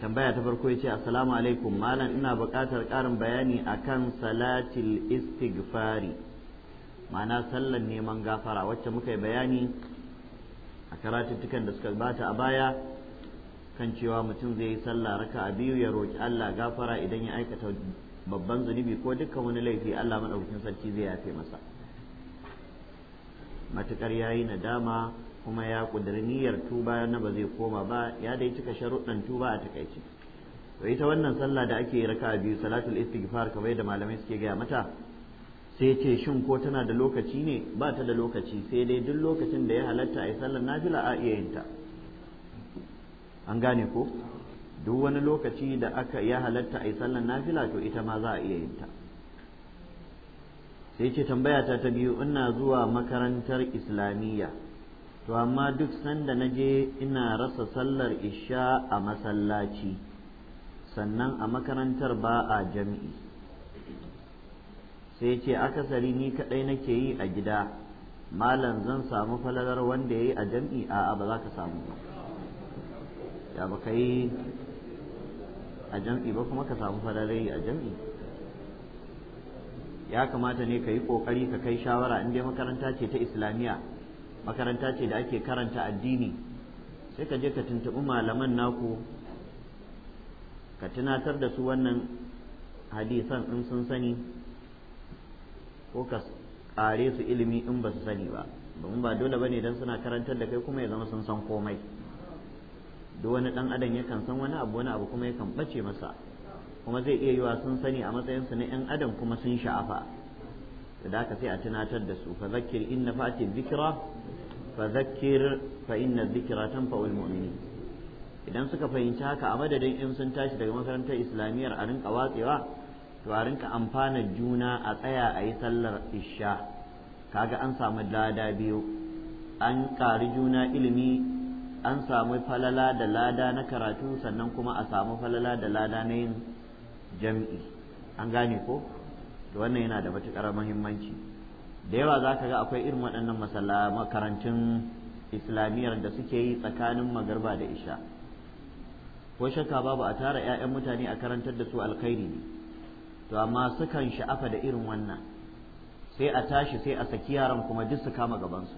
tambaya ta farko yace assalamu alaikum malam ina buƙatar ƙarin bayani akan salatil istighfari ma'ana sallar neman gafara wacce muka yi bayani a karatuttukan da suka bata a baya kan cewa mutum zai yi sallah raka a biyu ya roƙi Allah gafara idan ya aikata babban zunubi ko dukkan wani laifi Allah madaukakin sarki zai yafe masa ya yi nadama kuma ya kudiri niyyar tuba na ba zai koma ba ya dai cika sharuɗan tuba a takaice to ita wannan sallah da ake raka biyu salatul istighfar kamar da malamai suke gaya mata sai ce shin ko tana da lokaci ne ba ta da lokaci sai dai duk lokacin da ya halatta a yi sallar nafila a iya yin an gane ko duk wani lokaci da aka ya halatta a yi sallar nafila to ita ma za a iya yin sai ce tambaya ta ta biyu ina zuwa makarantar islamiyya to amma duk sanda na je ina rasa sallar isha a masallaci sannan a makarantar ba a jam'i sai ce akasari ni kadai nake yi a gida malam zan samu falalar wanda ya yi a jam'i a ba za ka samu ya ba ka yi a jam'i ba kuma ka samu falalar yi a jam'i ya kamata ne ka yi ƙoƙari ka kai shawara in dai makaranta ce ta islamiyya makaranta ce da ake karanta addini sai ka je ka tuntuɓi malaman naku ka tunatar da su wannan hadisan in sun sani ko ka ƙare su ilimi in ba su sani ba domin ba dole ba ne don suna karantar da kai kuma ya zama sun san komai duk wani ɗan adam yakan san wani abu wani abu kuma yakan ɓace masa kuma zai iya yiwa sun sani a matsayin su na yan adam kuma sun sha'afa da haka sai a tunatar da su fa zakkir in nafati dhikra fa zakkir fa inna dhikra tanfa'ul idan suka fahimci haka a madadin in sun tashi daga makarantar islamiyyar a rinka watsewa to a rinka amfanar juna a tsaya a yi sallar isha kaga an samu lada biyu an ƙari juna ilimi an samu falala da lada na karatu sannan kuma a samu falala da lada na yin jam'i, an gane ko to wannan yana da matuƙar muhimmanci da yawa za ka ga akwai irin waɗannan masala makarantun islamiyyar da suke yi tsakanin magarba da isha ko shakka babu a tara 'ya'yan mutane a karantar da su alkhairi ne to amma sukan sha'afa da irin wannan sai a tashi sai a saki yaran kuma duk su kama gabansu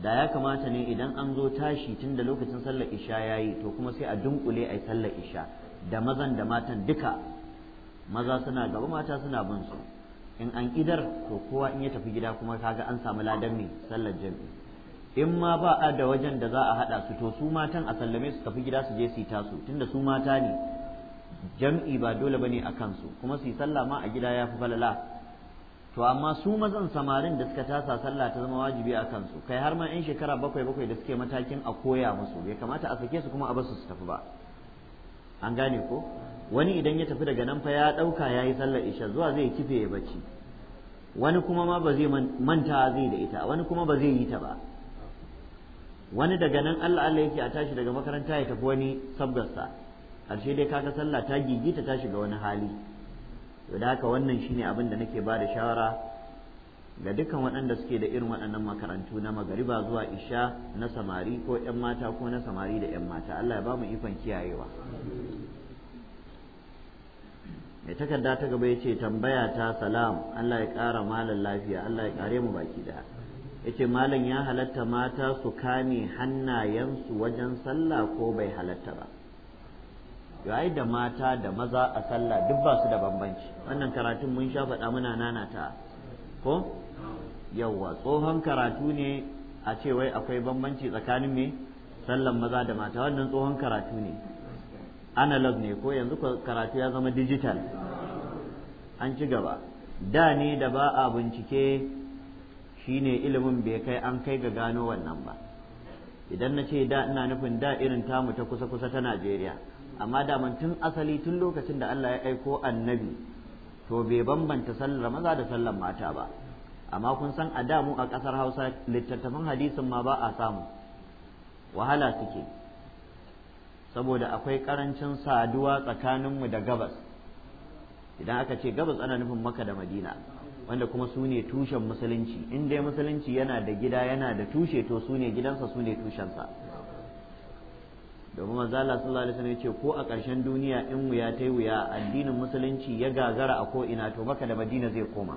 da ya kamata ne idan an zo tashi tun da lokacin sallar isha ya yi to kuma sai a dunkule a sallar isha da mazan da matan duka maza suna gaba mata suna bin su in an idar to kowa in ya tafi gida kuma kaga an samu ladan ne sallar jami'i in ma ba a da wajen da za a haɗa su to su matan a sallame su tafi gida su je su tasu tunda su mata ne jam'i ba dole bane a kansu kuma su yi sallah ma a gida ya fi falala to amma su mazan samarin da suka tasa sallah ta zama wajibi a kansu kai har ma 'yan shekara bakwai bakwai da suke matakin a koya musu bai kamata a sake su kuma a basu su tafi ba an gane ko wani idan ya tafi daga nan fa ya ɗauka ya yi sallar isha zuwa zai kife ya bacci wani kuma ma ba zai manta zai da ita wani kuma ba zai yi ta ba wani daga nan Allah Allah yake a tashi daga makaranta ya tafi wani sabgarsa ƙarshe dai kaka sallah ta gigita ta ga wani hali to da haka wannan shine abin da nake ba da shawara ga dukkan waɗanda suke da irin waɗannan makarantu na magariba zuwa isha na samari ko 'yan mata ko na samari da 'yan mata Allah ya ba mu ikon kiyayewa mai takarda ta gaba yace tambaya ta salam Allah ya kara malam lafiya Allah ya kare mu baki da ce malam ya halatta mata su kame hannayensu wajen sallah ko bai halatta ba yayi da mata da maza a sallah duk ba su da bambanci wannan karatun mun sha faɗa muna nanata ko yawwa tsohon karatu ne a ce wai akwai bambanci tsakanin me sallan maza da mata wannan tsohon karatu ne analog ne ko yanzu karatu ya zama digital an ci gaba da ne da ba a bincike shine ilimin bai kai an kai ga gano wannan ba idan na ce da ina nufin da irin tamu ta kusa-kusa ta najeriya amma daman tun asali tun lokacin da allah ya aiko annabi to bai bambanta sallar maza da sallar mata ba amma kun san a damu a ƙasar hausa littattafan hadisin ma ba a samu wahala suke saboda akwai karancin saduwa tsakaninmu da gabas idan aka ce gabas ana nufin maka da madina wanda kuma su ne tushen musulunci in dai musulunci yana da gida yana da tushe to su ne gidansa su ne tushensa domin manzo Allah sallallahu alaihi wasallam yace ko a ƙarshen duniya in wuya ta yi wuya addinin musulunci ya gagara a ko ina to maka da madina zai koma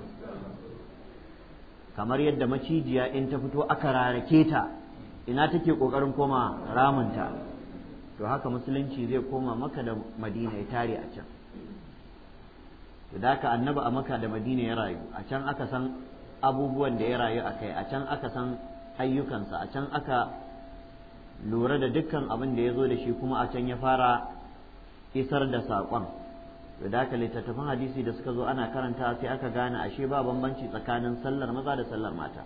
kamar yadda macijiya in ta fito aka rarake ta ina take kokarin koma ramunta to haka musulunci zai koma maka da madina ya tare a can to da haka annabi a maka da madina ya rayu a can aka san abubuwan da ya rayu a kai a can aka san ayyukansa a can aka lura da dukkan abin da ya zo da shi kuma a can ya fara isar da saƙon to da haka littattafan hadisi da suka zo ana karanta sai aka gane ashe ba bambanci tsakanin sallar maza da sallar mata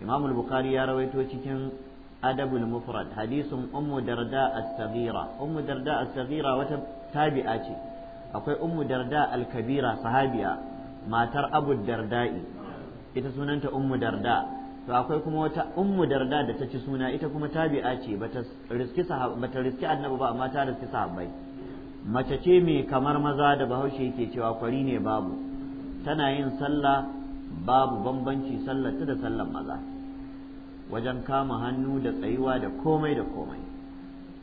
imamul bukhari ya rawaito cikin أدب المفرد حديث أم درداء الصغيرة أم wata الصغيرة ce akwai ummu darda الكبيرة صحابية ما تر أبو الدرداء ita sunanta ummu darda to akwai kuma wata ummu darda da ta ci suna ita kuma tabi'a ce bata riski bata riski annabi ba amma ta riski sahabbai mace ce mai kamar maza da bahaushe yake cewa kwari ne babu tana yin sallah babu bambanci sallar ta da sallar maza wajen kama hannu da tsayuwa da komai da komai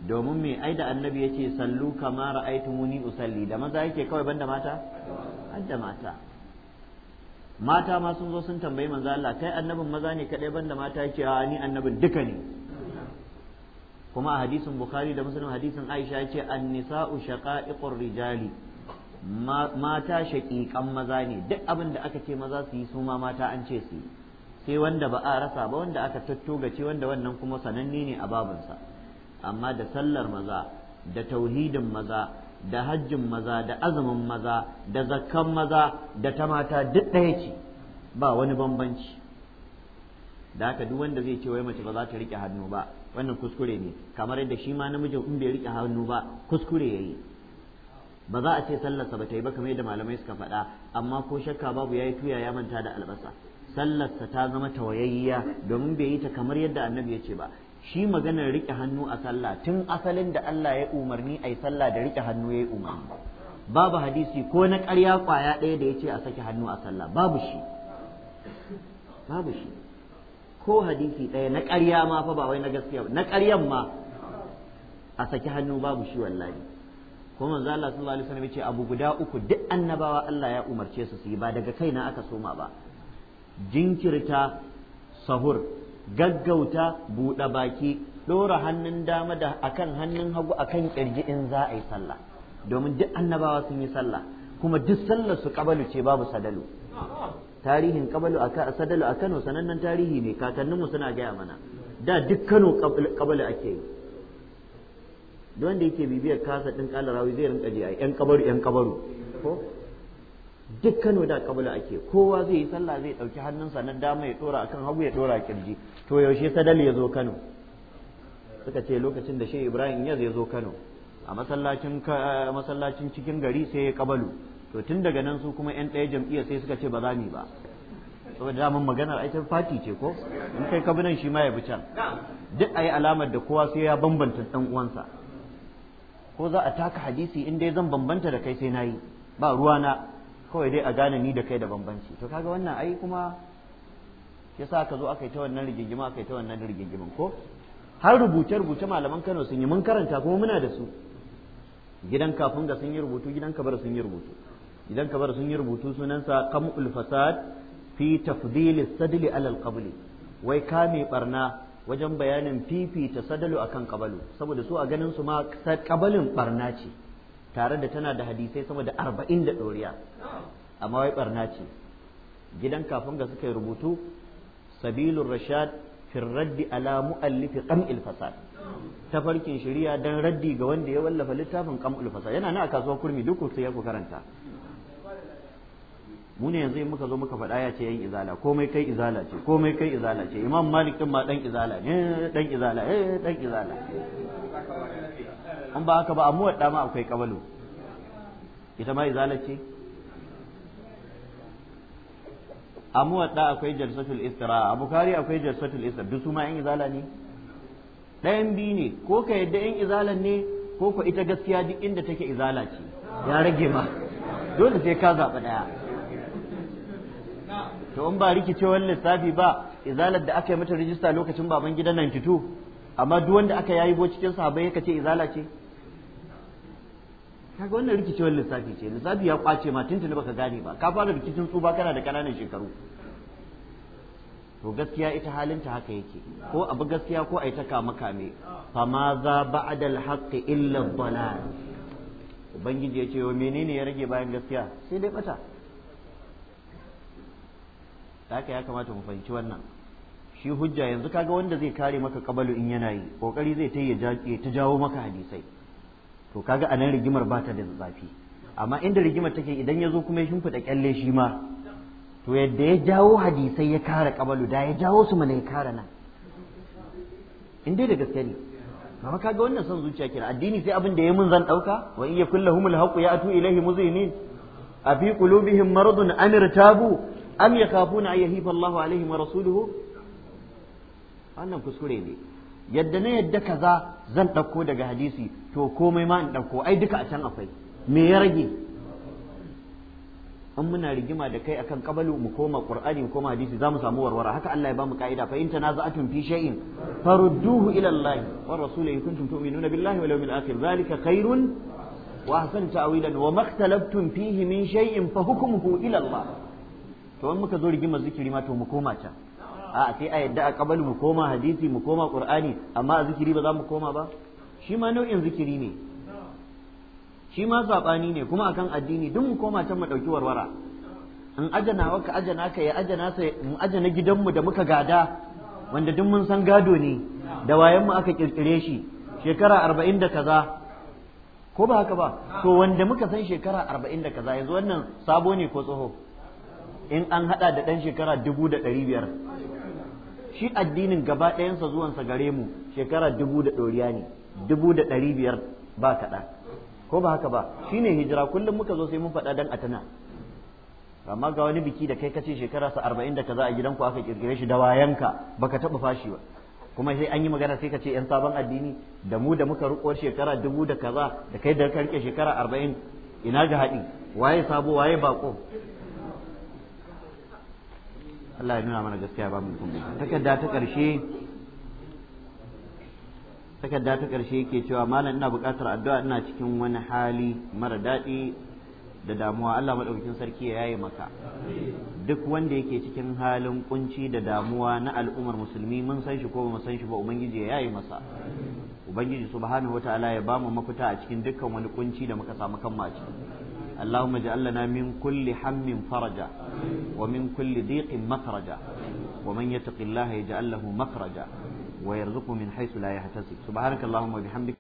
domin me ai da annabi yace sallu kama muni usalli da maza yake kawai banda mata hadda mata mata ma sun zo sun tambayi manzo Allah kai annabin maza ne kadai banda mata yake a ni annabin duka ne kuma a hadisin bukhari da muslim hadisin aisha yace an-nisa'u shaqa'iqur rijali mata shaqiqan maza ne duk abin da aka ce maza su yi su ma mata an ce su yi E wanda ba a rasa ba wanda aka ga ce wanda wannan kuma sananne ne a babinsa amma da sallar maza da tauhidin maza da hajjin maza da azumin maza da zakkan maza da ta mata duk ɗaya ce ba wani bambanci da haka duk wanda zai ce wai mace ba za ta rike hannu ba wannan kuskure ne kamar yadda shi ma namijin in bai rike hannu ba kuskure yayi ba za a ce sallarsa ba ta yi ba kamar yadda malamai suka faɗa amma ko shakka babu ya yi tuya ya manta da albasa sallarsa ta zama tawayayya domin bai yi ta kamar yadda annabi ya ce ba shi maganar rike hannu a sallah tun asalin da Allah ya umarni a yi sallah da rike hannu ya yi umarni babu hadisi ko na ƙarya ƙwaya ɗaya da ya ce a saki hannu a sallah babu shi babu shi ko hadisi ɗaya na ƙarya ma fa ba wai na gaskiya na ƙaryan ma a saki hannu babu shi wallahi ko manzo Allah sallallahu alaihi wasallam ya ce abu guda uku duk annabawa Allah ya umarce su su yi ba daga kaina aka soma ba jinkirta sahur gaggauta buɗe baki ɗora hannun dama da akan hannun hagu akan ƙirji in za a yi sallah domin duk annabawa sun yi sallah kuma duk sallar su ƙabalu ce babu sadalu tarihin ƙabalu a sadalu a Kano sanannen tarihi ne kakanninmu suna gaya mana da duk Kano ƙabalu ake yi don da yake bibiyar kasa ɗin ƙalarawi zai rinka ji a ƴan ƙabaru, yan kabaru ko duk Kano da kabila ake kowa zai yi sallah zai ɗauki hannunsa na dama ya ɗora akan hagu ya ɗora kirji to yaushe sadal ya zo Kano suka ce lokacin da Shehu Ibrahim ya zo Kano a masallacin masallacin cikin gari sai ya kabalu to tun daga nan su kuma 'yan ɗaya jam'iyya sai suka ce ba za mu ba saboda damar maganar ai ta fati ce ko in kai kabinan shi ma ya bi can duk ayi alamar da kowa sai ya bambanta dan uwansa ko za a taka hadisi in dai zan bambanta da kai sai na yi ba ruwana kawai dai a gane ni da kai da bambanci to kaga wannan ai kuma yasa ka zo aka yi ta wannan rigingima aka yi ta wannan rigingimin ko har rubuce rubuce malaman Kano sun yi mun karanta kuma muna da su gidan kafin ga sun yi rubutu gidan kabar sun yi rubutu gidan kabar sun yi rubutu sunansa qamul fasad fi tafdil sadli ala al wai kame barna wajen bayanin fifita sadalu akan kabalu saboda su a ganin su ma kabalin barna ce tare da tana da hadisai sama da arba'in da ɗoriya amma wai barna ce gidan kafin ga suka yi rubutu sabilun rashad fi raddi ala mu'allifi qam'il ta farkin shari'a dan raddi ga wanda ya wallafa littafin kam fasad yana nan a kasuwar kurmi duk sai ya ku karanta mu ne yanzu muka zo muka faɗa ya ce yan izala komai kai izala ce komai kai izala ce imam malik din ma dan izala ne dan izala eh dan izala in ba haka ba a muwadda ma akwai kawalo ita ma izala ce a muwadda akwai jalsatul istira a bukari akwai jalsatul istira duk su ma yan izala ne ɗayan biyu ne ko ka yadda yan izalan ne ko ko ita gaskiya duk inda take izala ce ya rage ma dole sai ka zaɓa ɗaya to in ba rikicewar lissafi ba izalar da aka yi mata rijista lokacin baban gida 92 amma duk wanda aka yayi bo cikin sahabbai yake ce izala ce kaga wannan rikicewar lissafi ce lissafi ya kwace ma tuntuni baka gane ba ka fara rikicin tsuba kana da kananan shekaru to gaskiya ita halinta haka yake ko abu gaskiya ko ai ta kama kame fa ma za ba'da al-haqq illa dhalal dalal ubangiji ce wa menene ya rage bayan gaskiya sai dai bata haka ya kamata mu fahimci wannan shi hujja yanzu kaga wanda zai kare maka kabalu in yana yi kokari zai ta ta jawo maka hadisai to kaga a rigimar ba ta da zafi amma inda rigimar take idan ya zo kuma ya shimfiɗa kyalle shi ma to yadda ya jawo hadisai ya kare kabalu da ya jawo su mana ya kare nan in dai da gaske ne amma kaga wannan son zuciya kira addini sai abin da ya mun zan dauka wa in yakullahumul haqu atu ilaihi muzinin fi qulubihim maradun am irtabu am yakhafuna an yahifa Allahu alaihi wa rasuluhu wannan kuskure ne yadda na yadda kaza zan ɗauko daga hadisi to komai ma in ɗauko ai duka a can akwai me ya rage in muna rigima da kai akan kabalu mu koma qur'ani mu koma hadisi zamu samu warwara haka Allah ya bamu ka'ida fa in tanaza'atum fi shay'in farudduhu ila Allah wa rasuli in kuntum tu'minuna billahi wal yawmil akhir zalika khairun wa ahsan ta'wilan wa makhtalaftum fihi min shay'in fa hukmuhu ila Allah to in muka zo rigima zikiri ma to mu koma can a sai a yadda a kabali mu koma hadisi mu koma qur'ani amma a zikiri ba za mu koma ba shi ma nau'in zikiri ne shi ma sabani ne kuma akan addini duk mu koma can mu ɗauki warwara in ajana waka ajana ka ya ajana sa mu ajana gidanmu da muka gada wanda duk mun san gado ne da wayan mu aka kirkire shi shekara arba'in da kaza ko ba haka ba to wanda muka san shekara arba'in da kaza yanzu wannan sabo ne ko tsoho in an hada da dan shekara dubu da ɗari biyar shi addinin gaba ɗayansa zuwansa gare mu shekara dubu da ɗoriya ne dubu da ɗari biyar ba kaɗan ko ba haka ba shi ne hijira kullum muka zo sai mun faɗa dan atana amma ga wani biki da kai kace shekara sa arba'in da kaza a gidanku aka kirkire shi da wayanka ba ka taɓa fashi ba kuma sai an yi magana sai ka ce yan sabon addini da mu da muka rukuwar shekara dubu da kaza da kai da ka rike shekara arba'in ina ga haɗi waye sabo waye bako Allah ya nuna mana gaskiya ba mu kuma takarda ta karshe takarda ta karshe yake cewa malam ina buƙatar addu'a ina cikin wani hali mara daɗi da damuwa Allah madaukakin sarki ya yaye maka duk wanda yake cikin halin kunci da damuwa na al'ummar musulmi mun san shi ko ba mu san shi ba ubangiji ya yaye masa ubangiji subhanahu wataala ya bamu mafita a cikin dukkan wani kunci da muka samu kanmu a ciki اللهم اجعل لنا من كل هم فرجا ومن كل ضيق مخرجا ومن يتق الله يجعل له مخرجا ويرزقه من حيث لا يحتسب سبحانك اللهم وبحمدك